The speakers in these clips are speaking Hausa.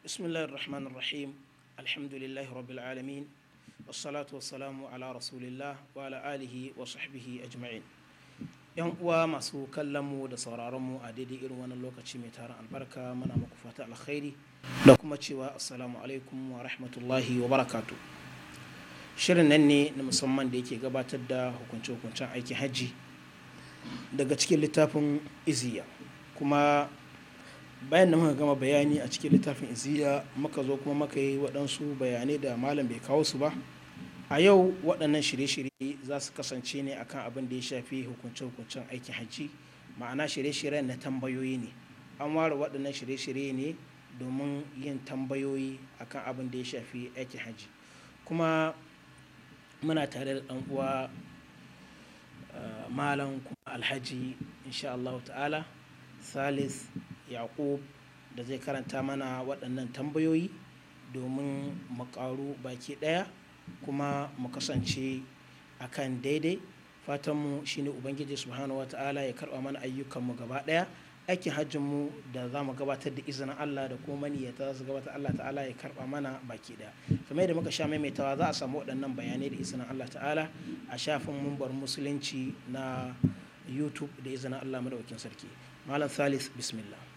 بسم الله الرحمن الرحيم الحمد لله رب العالمين والصلاة والسلام على رسول الله وعلى آله وصحبه أجمعين yan uwa masu kallon mu da sauraron mu a daidai irin wannan lokaci mai taron albarka muna muku fata alkhairi da kuma cewa assalamu alaikum wa rahmatullahi wa barakatu shirin nan ne na musamman da yake gabatar da hukunce-hukuncen aikin hajji daga cikin littafin iziya kuma bayan da muka gama bayani a cikin littafin iziya muka zo kuma muka yi waɗansu bayanai da malam bai kawo su ba a yau waɗannan shirye-shirye za su kasance ne akan abin da ya shafi hukunce-hukuncen aikin hajji ma'ana shirye-shiryen na tambayoyi ne an ware waɗannan shirye-shirye ne domin yin tambayoyi akan abin da ya shafi aikin hajji kuma muna tare da ɗan uwa eh, malam kuma alhaji insha Allah ta'ala salis yaqub da zai karanta mana waɗannan tambayoyi domin mu ƙaru baki ɗaya kuma mu kasance a kan daidai fatanmu shine ubangiji subhanahu ta'ala ya karɓa mana ayyukanmu gaba ɗaya aikin hajjinmu da za mu gabatar da izinin Allah da kuma maniyyata ta su gabatar Allah ta'ala ya karɓa mana baki ɗaya kamar yadda muka sha maimaitawa za a samu waɗannan bayanai da izinin Allah ta'ala a shafin mumbar musulunci na YouTube da izinin Allah madaukin sarki malam Salis bismillah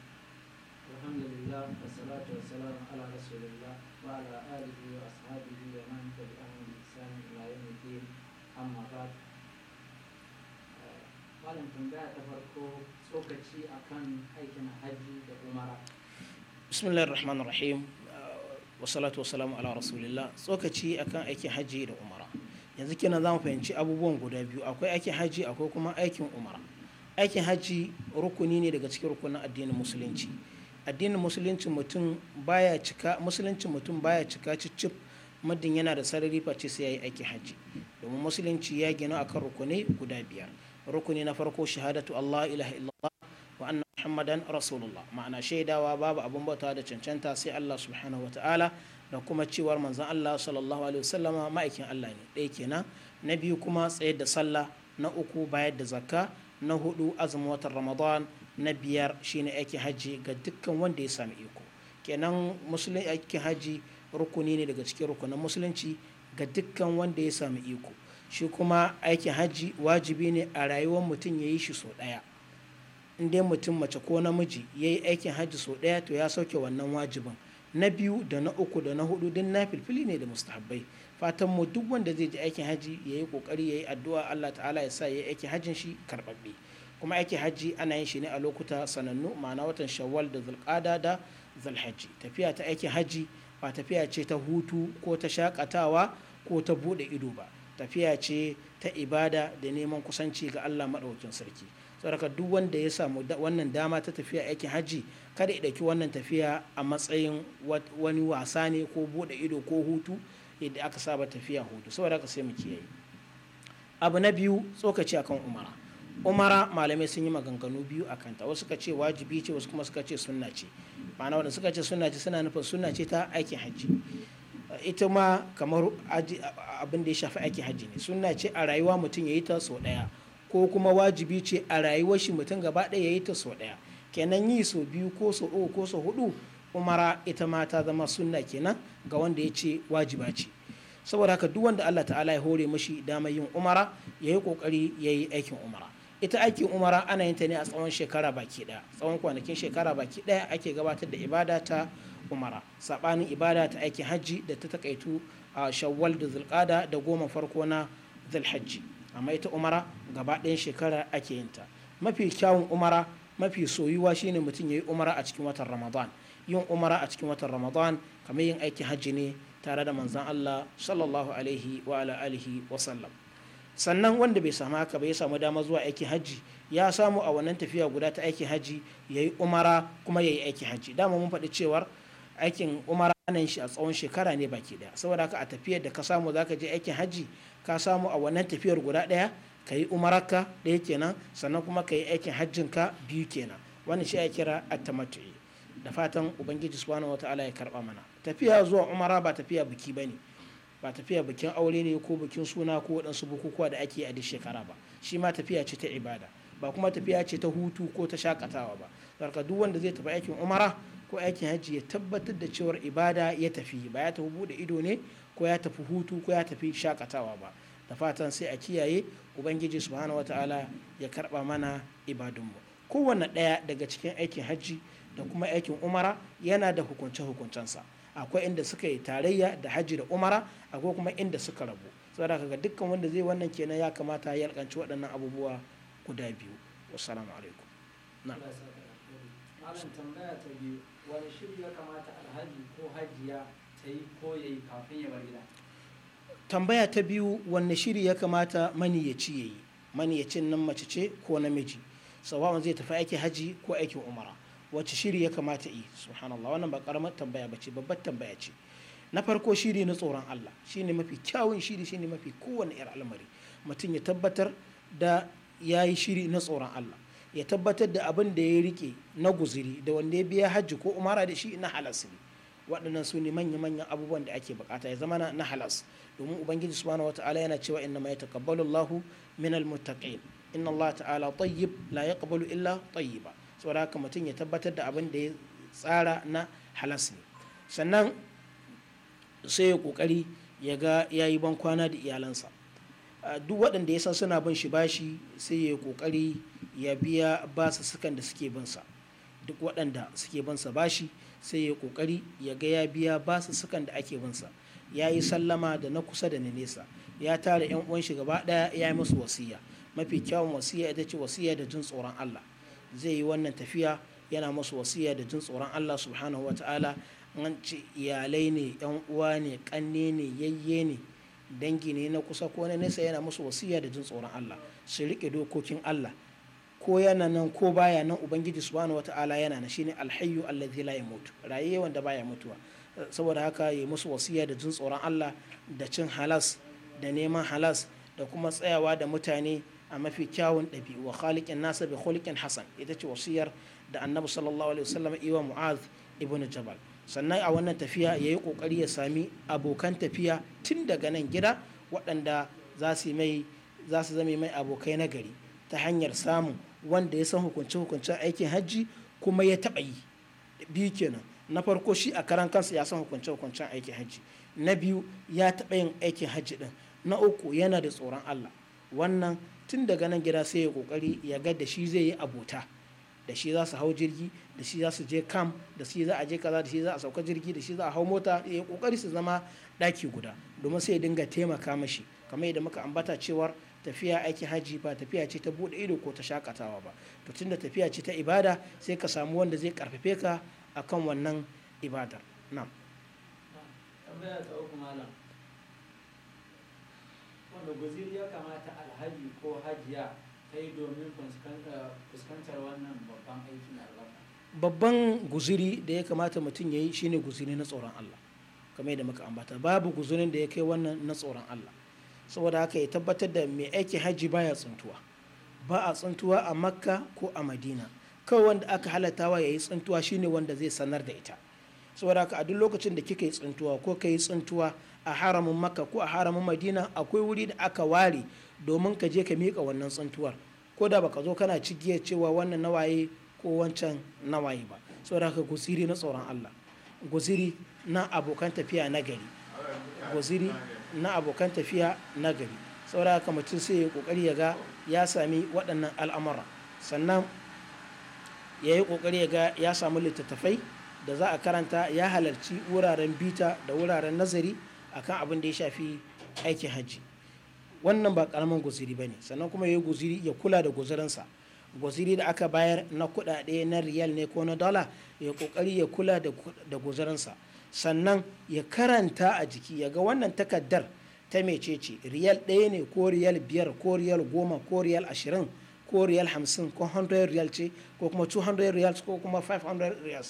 والحمد لله والصلاة والسلام على رسول الله وعلى آله وأصحابه ومن تبعهم بإحسان إلى يوم الدين أما بعد malam tambaya ta farko tsokaci akan aikin haji da umara bismillahir rahmanir rahim eh, wasalatu wasalamu ala rasulillah tsokaci akan aikin hajji da umara yanzu kenan za mu fahimci abubuwan guda biyu akwai aikin hajji akwai kuma aikin umara aikin hajji rukuni ne daga cikin rukunin addinin musulunci addinin musulunci mutum baya cika musulunci mutum baya cika cicip muddin yana da sarari face sai yayi aiki haji domin musulunci ya gina akan rukuni guda biyar rukuni na farko shahadatu Allah ilaha illallah wa anna muhammadan rasulullah ma'ana shaidawa babu abun bauta da cancanta sai Allah subhanahu wataala da kuma cewar manzon Allah sallallahu alaihi wasallama ma'aikin Allah ne ɗaya kenan na biyu kuma tsayar da sallah na uku bayar da zakka na hudu azumin watan ramadan na biyar shine aikin hajji ga dukkan wanda ya sami iko kenan musulun aikin hajji rukuni ne daga cikin rukunin musulunci ga dukkan wanda ya sami iko shi kuma aikin hajji wajibi ne a rayuwar mutum ya yi shi sau ɗaya inda mutum mace ko namiji ya yi aikin hajji sau ɗaya to ya sauke wannan wajibin na biyu da na uku da na hudu din na filfili ne da mustahabbai fatan mu duk wanda zai je aikin hajji ya yi kokari ya yi addu'a allah ta'ala ya sa ya yi aikin hajjin shi karɓaɓɓe kuma aikin hajji ana yin shi ne a lokuta sanannu ma'ana watan shawwal da zulqada da zulhajji tafiya ta aikin hajji ba tafiya ce ta hutu ko ta shakatawa ko ta bude ido ba tafiya ce ta ibada da neman kusanci ga Allah maɗaukin sarki saboda duk wanda ya samu wannan dama ta tafiya aikin hajji kada ya ɗauki wannan tafiya a matsayin wani wasa ne ko bude ido ko hutu yadda aka saba tafiya hutu saboda haka sai mu kiyaye abu na biyu tsokaci akan umara umara malamai sun yi maganganu biyu a kanta wasu ka ce wajibi ce wasu kuma suka ce sunna ce ma'ana wanda suka ce sunna ce suna nufin sunna ce ta aikin hajji ita ma kamar abin da ya shafi aikin hajji ne sunna ce a rayuwa mutum ya yi ta sau ɗaya ko kuma wajibi ce a rayuwar shi mutum gaba ɗaya ya yi ta sau ɗaya kenan yi sau biyu ko sau uku ko sau hudu umara ita ma ta zama sunna kenan ga wanda ya ce wajiba ce saboda haka duk wanda Allah ta'ala ya hore mashi damar yin umara ya yi kokari ya yi aikin umara ita aikin umara ana yin ta ne a tsawon shekara baki daya tsawon kwanakin shekara baki daya ake gabatar da ibada ta umara sabanin ibada ta aikin hajji da ta takaitu a shawwal da zulqada da goma farko na zulhajji amma ita umara gaba ɗayan shekara ake yin ta mafi kyawun umara mafi soyuwa shine mutum ya yi umara a cikin watan ramadan yin umara a cikin watan ramadan kamar yin aikin hajji ne tare da manzon allah sallallahu alaihi wa alihi wa sallam sannan wanda bai samu haka ba ya samu dama zuwa aikin hajji ya samu a wannan tafiya guda ta aikin hajji ya yi umara kuma ya yi aikin hajji dama mun faɗi cewar aikin umara nan shi a tsawon shekara ne baki daya saboda haka a tafiyar da ka samu za ka je aikin hajji ka samu a wannan tafiyar guda daya ka yi umararka ɗaya kenan sannan kuma ka yi aikin hajjinka biyu kenan wannan shi ya kira attamatu'i da fatan ubangiji subhanahu wataala ya karba mana tafiya zuwa umara ba tafiya biki bane ba tafiya bikin aure ne ko bikin suna ko waɗansu bukukuwa da ake a duk shekara ba shi ma tafiya ce ta ibada ba kuma tafiya ce ta hutu ko ta shakatawa ba sarka duk wanda zai tafi aikin umara ko aikin hajji ya tabbatar da cewar ibada ya tafi ba ya tafi buɗe ido ne ko ya tafi hutu ko ya tafi shakatawa ba da fatan sai a kiyaye ubangiji subhanahu wataala ya karba mana ibadun ibadunmu kowanne ɗaya daga cikin aikin hajji da kuma aikin umara yana da hukunce hukuncensa akwai inda suka yi tarayya da hajji da umara akwai kuma inda suka rabu saboda kaga dukkan wanda zai wannan kenan ya kamata ya alƙanci waɗannan abubuwa guda biyu wassalamu alaikum na malam tambaya ta biyu wani shiri ya kamata alhaji ko hajiya ta yi ko ya yi kafin ya bar gida tambaya ta biyu wani shiri ya kamata maniyaci ya yi maniyacin nan mace ce ko namiji sawa'un zai tafi aikin haji ko aikin umara wace shiri ya kamata yi subhanallah wannan ba karamar tambaya ba ce babbar tambaya ce na farko shiri na tsoron Allah shine mafi kyawun shiri shine mafi kowane yar al'amari mutum ya tabbatar da ya yi shiri na tsoron Allah ya tabbatar da abin da ya rike na guziri da wanda ya biya hajji ko umara da shi na halas ne waɗannan su ne manya-manyan abubuwan da ake bukata ya zama na halas domin ubangiji subhanahu wataala yana cewa inna ma yataqabbalu Allahu min almuttaqin inna Allah ta'ala tayyib la yaqbalu illa tayyiba saboda haka mutum ya tabbatar da abin da ya tsara na halas ne sannan sai ya kokari ya ga ya yi ban kwana da iyalansa duk waɗanda ya san suna bin shi bashi sai ya yi kokari ya biya basa sukan da suke bin sa duk waɗanda suke bin sa bashi sai ya yi kokari ya ga ya biya basa sukan da ake bin sa ya yi sallama da na kusa da na nesa ya tara yan uwan shi gaba ɗaya ya yi musu wasiya mafi kyawun wasiya ita ce wasiya da jin tsoron Allah zai yi wannan tafiya yana masu wasiya da jin tsoron Allah subhanahu wataala an ci iyalai ne yan uwa ne kanne ne yayye ne dangi ne na kusa ko na nesa yana masu wasiya da jin tsoron Allah su rike dokokin Allah ko yana nan ko baya nan ubangiji subhanahu wataala yana na shine alhayyu allazi la yamut raye wanda baya mutuwa saboda haka yi musu wasiya da jin tsoron Allah da cin halas da neman halas da kuma tsayawa da mutane a mafi kyawun ɗabi'u wa khalikin nasa bi khalikin hasan ita ce wasiyar da annabi sallallahu alaihi wasallam iwa mu'az ibnu jabal sannan a wannan tafiya ya yi ƙoƙari ya sami abokan tafiya tun daga nan gida waɗanda za su mai mai abokai na gari ta hanyar samun wanda ya san hukunce hukuncen aikin hajji kuma ya taɓa yi biyu kenan na farko shi a karan kansa ya san hukunce hukuncen aikin hajji na biyu ya taɓa yin aikin hajji ɗin na uku yana da tsoron Allah wannan tun daga nan gida sai ya kokari ya ga da shi zai yi abota da shi za su hau jirgi da shi za su je kam da shi za a je kaza da shi za a sauka jirgi da shi za a hau mota ya kokari su zama daki guda domin sai ya dinga taimaka mashi kamar yadda muka ambata cewar tafiya aiki hajji ba tafiya ce ta bude ido ko ta shakatawa ba to tunda tafiya ce ta ibada sai ka samu wanda zai karfafe ka akan wannan ibadar nan. wanda guziri ya kamata alhaji ko hajiya ta yi domin fuskantar wannan babban aikin albarka babban guziri da ya kamata mutum ya yi shine guziri na tsoron Allah kamar yadda muka ambata babu guzirin da ya kai wannan na tsoron Allah saboda haka ya tabbatar da mai aiki hajji baya tsuntuwa ba a tsuntuwa a makka ko a madina kawai wanda aka halatawa ya yi tsuntuwa shine wanda zai sanar da ita saboda haka a duk lokacin da kika yi tsuntuwa ko ka yi tsuntuwa a haramin makka ko a haramin madina akwai wuri da aka ware domin ka je ka miƙa wannan tsantuwar ko da baka zo kana cigiyar cewa wannan nawaye ko wancan nawaye ba saboda haka gusiri na tsoron Allah gusiri na abokan tafiya na gari gusiri na abokan tafiya na gari saboda haka mutum sai ya kokari ya ga ya sami waɗannan al'amura sannan ya yi kokari ya ga ya samu littattafai da za a karanta ya halarci wuraren bita da wuraren nazari akan abin da ya shafi aikin hajji wannan ba karamin guziri ba ne sannan kuma ya yi guziri ya kula da guzirinsa guziri da aka bayar na kuɗaɗe na riyal ne ko na dala ya kokari ya kula da guzirinsa sannan ya karanta a jiki ya ga wannan takaddar ta mecece riyal ɗaya ne ko riyal biyar ko riyal goma ko riyal ashirin ko riyal hamsin ko 100 riyal ce ko kuma 200 riyal ko kuma 500 riyal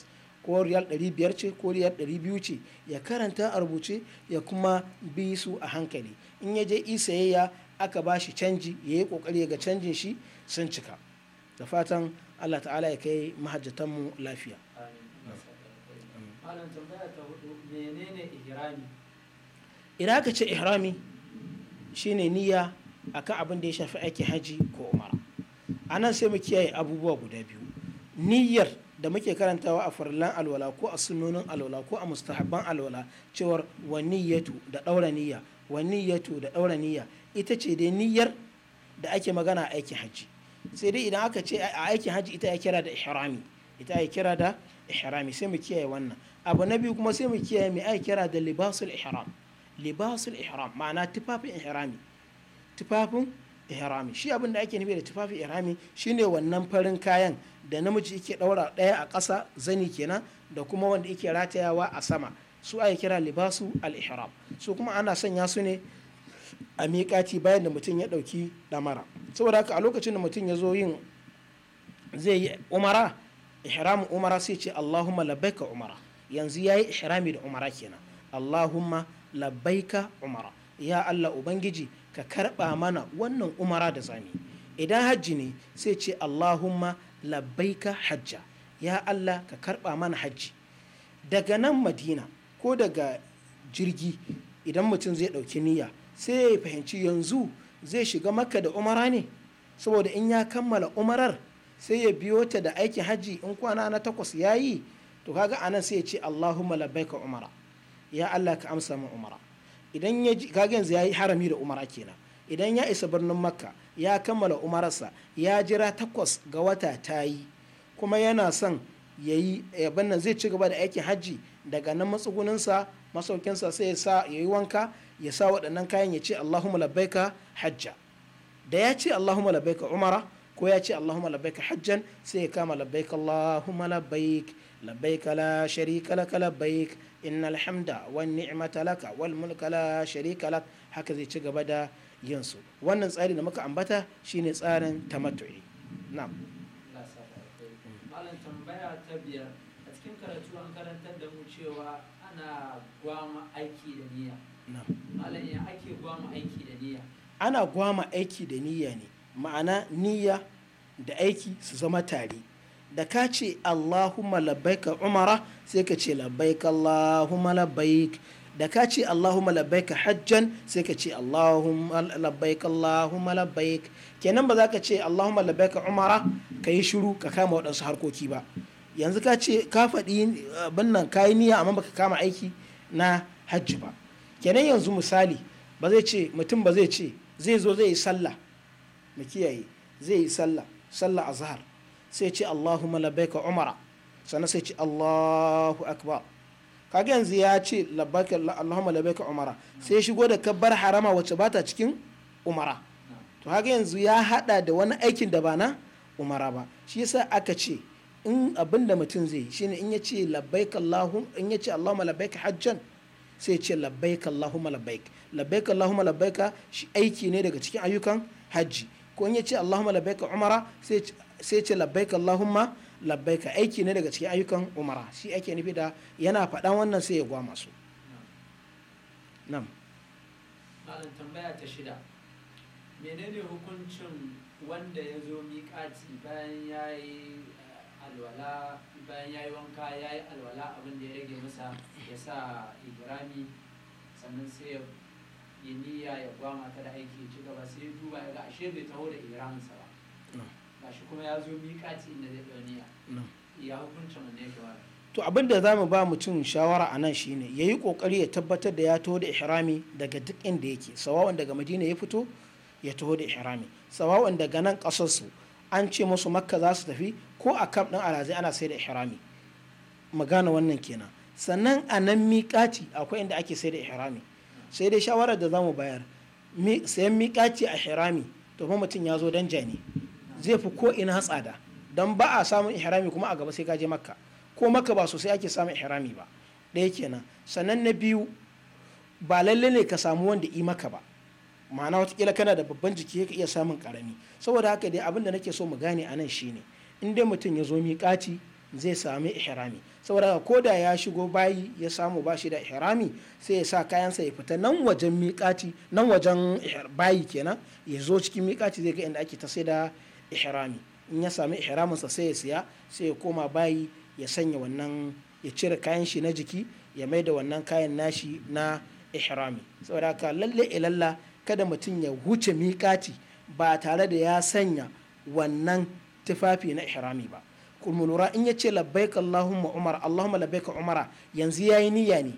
ko riyal biyar ce ko riyal biyu ce ya karanta a rubuce ya kuma bi su a hankali in ya je Isa isayayya aka ba shi canji ya yi kokari ga canjin shi sun cika da fatan allah ta'ala ya kai mahajjatanmu lafiya iraka aka ce ihrami shine niyya akan abin da ya shafi aiki haji ko umara anan sai mu kiyaye abubuwa guda biyu niyyar da muke karantawa a farlan alwala ko a sunonin alwala ko a mustahabban alwala cewar wani niyyatu da ɗaura niyya wani niyyatu da ɗaura niyya ita ce dai niyyar da ake magana a aikin hajji sai dai idan aka ce a aikin hajji ita ya kira da ihrami ita ya kira da ihrami sai mu kiyaye wannan abu na biyu kuma sai mu kiyaye mai ake kira da libasul ihram libasul ihram ma'ana tufafin ihrami tufafin ihrami shi abin da ake nufi da tufafi ihrami shine wannan farin kayan da namiji yake ɗaura ɗaya a ƙasa zani kenan da kuma wanda yake ratayawa a sama su ake kira libasu al-ihram su kuma ana sanya su ne a miƙati bayan da mutum ya ɗauki ɗamara saboda haka a lokacin da mutum ya zo yin zai yi umara ihramin umara sai ce allahumma labbaika umara yanzu ya yi ihrami da umara kenan allahumma labbaika umara ya allah ubangiji ka karɓa mana wannan umara da zami idan hajji ne sai ce allahumma labbaika hajja ya allah ka karɓa mana hajji daga nan madina ko daga jirgi idan mutum zai ɗauki niyya sai ya fahimci yanzu zai shiga maka da umara ne saboda in ya kammala umarar sai ya biyo ta da aikin hajji in kwana na takwas ya yi to kaga anan sai ya ce allahumma labbaika umara ya allah ka amsa min umara idan ya ji kaga yanzu yayi harami da umara kenan idan ya isa birnin makka ya kammala umararsa ya jira takwas ga wata ta yi kuma yana son ya yi eh, nan zai ci gaba da aikin hajji daga nan matsuguninsa masaukinsa sai ya sa ya yi wanka ya sa waɗannan kayan ya ce allahumma labbaika hajja da ya ce allahumma labbaika umara ko ya ce allahumma labbaika hajjan sai ya kama labbaika allahumma labbaik لبيك لا شريك laka لبيك إن الحمد والنعمة لك والملك لا شريك لك هكذا يتشغب دا wannan وانا da muka ambata shine tsarin tamattu'i na'am malam tambaya ta biyar a cikin karatu an karantar da mu cewa ana gwama aiki da niyya malam ya ake gwama aiki ana gwama aiki da niyya ne ma'ana niyya da aiki su zama tare da ka ce Allahumma labbaika umara sai ka ce labbaika Allahumma labbaik da ka ce Allahumma labbaika hajjan sai ka ce Allahumma labbaika Allahumma labbaik kenan ba za ka ce Allahumma labbaika umara ka yi shiru ka kama waɗansu harkoki ba yanzu ka ce ka faɗi abin nan ka yi niyya amma baka kama aiki na hajji ba kenan yanzu misali ba zai ce mutum ba zai ce zai zo zai yi sallah mu kiyaye zai yi sallah sallah azhar sai ce Allahu labbaika umara sannan sai ce Allahu akbar kaga yanzu ya ce labbaika Allahumma labbaika umara sai shigo da kabbar harama wacce bata cikin umara to kaga yanzu ya hada da wani aikin da ba na umara ba shi yasa aka ce in abin da mutum zai shine in ya ce labbaika Allahum in ya ce Allahumma labbaika hajjan sai ce labbaika Allahumma labbaik labbaika Allahumma labbaika shi aiki ne daga cikin ayyukan hajji ko in ya ce Allahumma labbaika umara sai ce sai ce lahuma Allahumma labbaika aiki ne daga cikin ayyukan umara shi ake nufi da yana faɗan wannan sai ya gwama su nan malam tambaya ta shida menene hukuncin wanda ya zo miƙati bayan ya yi eh, alwala bayan ya yi wanka ya yi alwala abin da ya rage masa ya sa ibrami sannan sai ya yi niyya ya gwama ta da aiki ci gaba sai duba ya ga ashe bai taho da ihraminsa ba kuma ya zo miƙaci inda zai ɗauniya ya hukunta mana ya to abin da za mu ba mutum shawara a nan shine ya yi ƙoƙari ya tabbatar da ya taho da ihrami daga duk inda yake sawawan daga madina ya fito ya taho da ihrami sawawan daga nan ƙasarsu an ce musu makka za su tafi ko a kam ɗin alazai ana sai da ihrami magana wannan kenan sannan a nan miƙaci akwai inda ake sai da ihrami sai dai shawarar da za mu bayar sayan miƙaci a ihrami to mutum ya zo dan jani zai fi ko ina tsada don ba a samun ihrami kuma a gaba sai ka je makka ko makka ba sosai ake samun ihrami ba ɗaya kenan sannan na biyu ba lalle ne ka samu wanda i maka ba ma'ana watakila kana da babban jiki ka iya samun karami saboda haka dai abin da nake so mu gane a nan shine in dai mutum ya zo miƙaci zai sami ihrami saboda ko da ya shigo bayi ya samu bashi da ihrami sai ya sa kayansa ya fita nan wajen miƙaci nan wajen bayi kenan ya zo cikin miƙaci zai ga inda ake ta sai da ihrami in ya sami ihraminsa sai ya siya sai ya koma bayi ya sanya wannan ya cire kayan shi na jiki ya mai da wannan kayan nashi na ihrami saboda haka lalle ilalla e kada mutum ya huce miƙati ba tare da ya sanya wannan tufafi na ihrami ba kuma lura in yace labbaik allahumma umar allahumma labbaik umara yanzu yayi niyya ne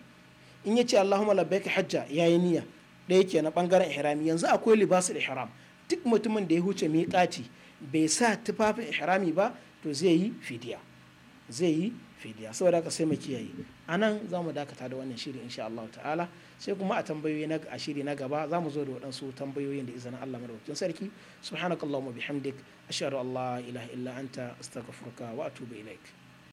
in yace allahumma labbaik hajja yayi niyya da yake na bangaren ihrami yanzu akwai libasul ihram duk mutumin da ya huce miƙati bai sa tufafin ihrami ba to zai yi fidiya zai yi fidiya saboda haka sai mu kiyaye anan za mu dakata da wannan shiri insha Allah ta'ala sai kuma a tambayoyi na a shiri na gaba za mu zo da waɗansu tambayoyin da izinin Allah madaukakin sarki subhanakallahumma bihamdik ashhadu an la ilaha illa anta astaghfiruka wa atubu ilaik